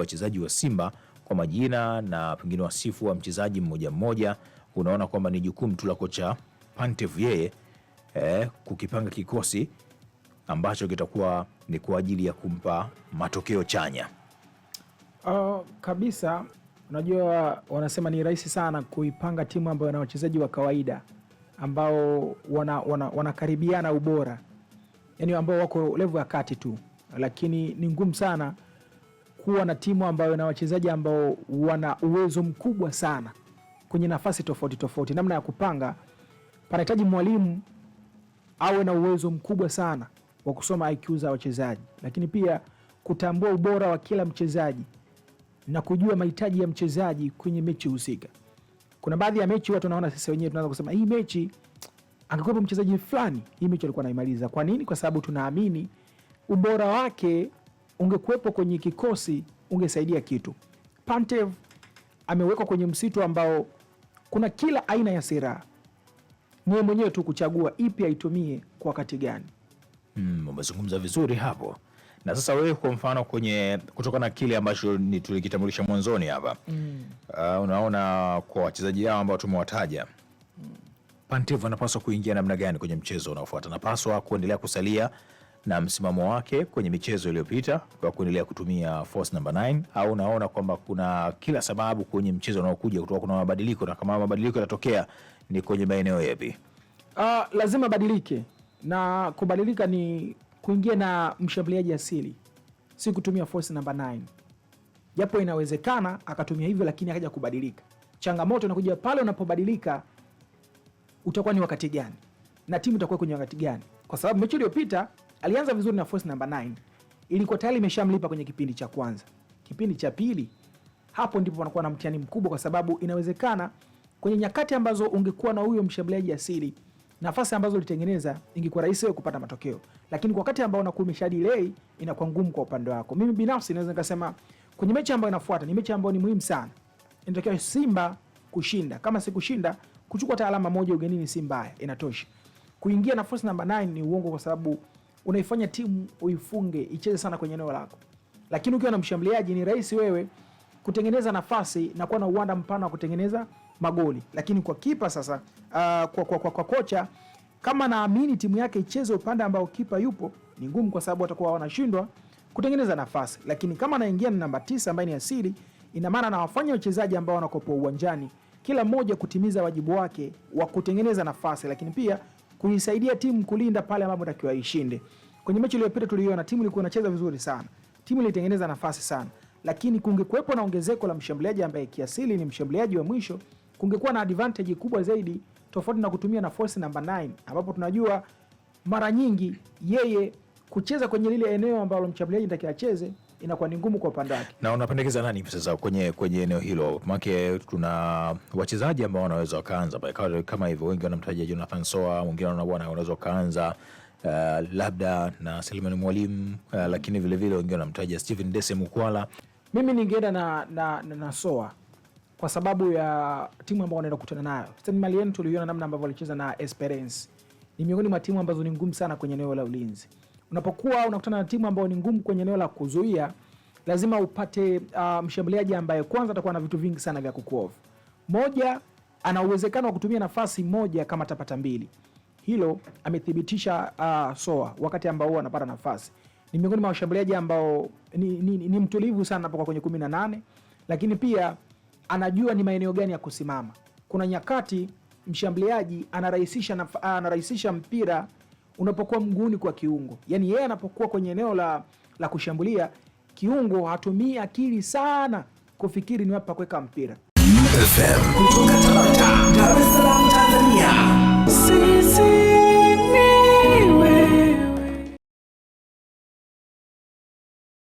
wachezaji wa Simba kwa majina na pengine wasifu wa mchezaji mmoja mmoja, unaona kwamba ni jukumu tu la kocha Pantev yeye eh, kukipanga kikosi ambacho kitakuwa ni kwa ajili ya kumpa matokeo chanya. Uh, kabisa. Unajua, wanasema ni rahisi sana kuipanga timu ambayo ina wachezaji wa kawaida ambao wanakaribiana wana, wana ubora, yaani ambao wako level ya kati tu, lakini ni ngumu sana kuwa na timu ambayo na wachezaji ambao wana uwezo mkubwa sana kwenye nafasi tofauti tofauti, namna ya kupanga, panahitaji mwalimu awe na uwezo mkubwa sana wa kusoma IQ za wachezaji, lakini pia kutambua ubora wa kila mchezaji na kujua mahitaji ya mchezaji kwenye mechi husika. Kuna baadhi ya mechi watu wanaona, sisi wenyewe tunaanza kusema hii mechi angekuwepo mchezaji fulani, hii mechi alikuwa anaimaliza. Kwa nini? Kwa sababu tunaamini ubora wake ungekuwepo kwenye kikosi ungesaidia kitu. Pantev amewekwa kwenye msitu ambao kuna kila aina ya silaha, niwe mwenyewe tu kuchagua ipi aitumie kwa wakati gani. Mm, umezungumza vizuri hapo. Na sasa wewe kwa mfano kwenye kutokana na kile ambacho ni tulikitambulisha mwanzoni hapa mm. Uh, unaona kwa wachezaji hao ambao tumewataja mm. Pantev anapaswa kuingia namna gani kwenye mchezo unaofuata? Anapaswa kuendelea kusalia na msimamo wake kwenye michezo iliyopita kwa kuendelea kutumia force number 9 au unaona kwamba kuna kila sababu kwenye mchezo unaokuja kutoka kuna mabadiliko, na kama mabadiliko yanatokea ni kwenye maeneo yapi? Uh, lazima badilike na kubadilika ni kuingia na mshambuliaji asili, si kutumia force number 9, japo inawezekana akatumia hivyo, lakini akaja kubadilika. Changamoto inakuja pale unapobadilika, utakuwa ni wakati gani na timu itakuwa kwenye wakati gani, kwa sababu mechi iliyopita alianza vizuri na force number 9 ilikuwa tayari imeshamlipa kwenye kipindi cha kwanza. Kipindi cha pili, hapo ndipo wanakuwa na mtihani mkubwa, kwa sababu inawezekana kwenye nyakati ambazo ungekuwa na huyo mshambuliaji asili, nafasi ambazo ulitengeneza ingekuwa rahisi wewe kupata matokeo, lakini kwa wakati ambao unakuwa umesha delay inakuwa ngumu kwa upande wako. Mimi binafsi naweza nikasema kwenye mechi ambayo inafuata ni mechi ambayo ni muhimu sana, inatokea Simba kushinda. Kama si kushinda, kuchukua hata alama moja ugenini si mbaya, inatosha. Kuingia nafasi namba 9 ni uongo, kwa sababu unaifanya timu uifunge icheze sana kwenye eneo lako, lakini ukiwa na mshambuliaji ni rahisi wewe kutengeneza nafasi na kuwa na uwanda mpana wa kutengeneza magoli. Lakini kwa kipa sasa, uh, kwa, kwa, kwa, kwa kocha kama naamini timu yake icheze upande ambao kipa yupo ni ngumu, kwa sababu watakuwa wanashindwa kutengeneza nafasi. Lakini kama anaingia na namba tisa ambaye ni asili, ina maana anawafanya wachezaji ambao wanakopo uwanjani kila mmoja kutimiza wajibu wake wa kutengeneza nafasi, lakini pia kuisaidia timu kulinda pale ambapo takiwa ishinde. Kwenye mechi iliyopita tuliona timu ilikuwa inacheza vizuri sana, timu ilitengeneza nafasi sana, lakini kungekuwepo na ongezeko la mshambuliaji ambaye kiasili ni mshambuliaji wa mwisho, kungekuwa na advantage kubwa zaidi, tofauti na kutumia nafasi namba 9 ambapo tunajua mara nyingi yeye kucheza kwenye lile eneo ambalo mshambuliaji natakiwa acheze inakuwa ni ngumu kwa upande wake. Na unapendekeza nani sasa kwenye kwenye eneo hilo? Maana tuna wachezaji ambao wanaweza wakaanza kama hivyo, wengi wanamtaja Jonathan Soa, mwingine wanaweza wakaanza uh, labda na Selemani Mwalimu uh, lakini vile vile wengine wanamtaja Steven Dese Mukwala. Mimi ningeenda na, na, na, na Soa kwa sababu ya timu ambayo wanaenda kukutana nayo. Stade Malien tuliona namna ambavyo walicheza na Esperance, ni miongoni mwa timu ambazo ni ngumu sana kwenye eneo la ulinzi. Unapokuwa unakutana na timu ambayo ni ngumu kwenye eneo la kuzuia, lazima upate uh, mshambuliaji ambaye kwanza atakuwa na vitu vingi sana vya kukuovu. Moja, ana uwezekano wa kutumia nafasi moja kama atapata mbili. Hilo amethibitisha uh, Soa wakati ambao huwa anapata nafasi. Ni miongoni mwa washambuliaji ambao ni, ni, ni, ni mtulivu sana anapokuwa kwenye kumi na nane, lakini pia anajua ni maeneo gani ya kusimama. Kuna nyakati mshambuliaji anarahisisha anarahisisha mpira unapokuwa mguni kwa kiungo, yani yeye anapokuwa kwenye eneo la, la kushambulia kiungo hatumii akili sana kufikiri ni wapi pa kuweka mpira.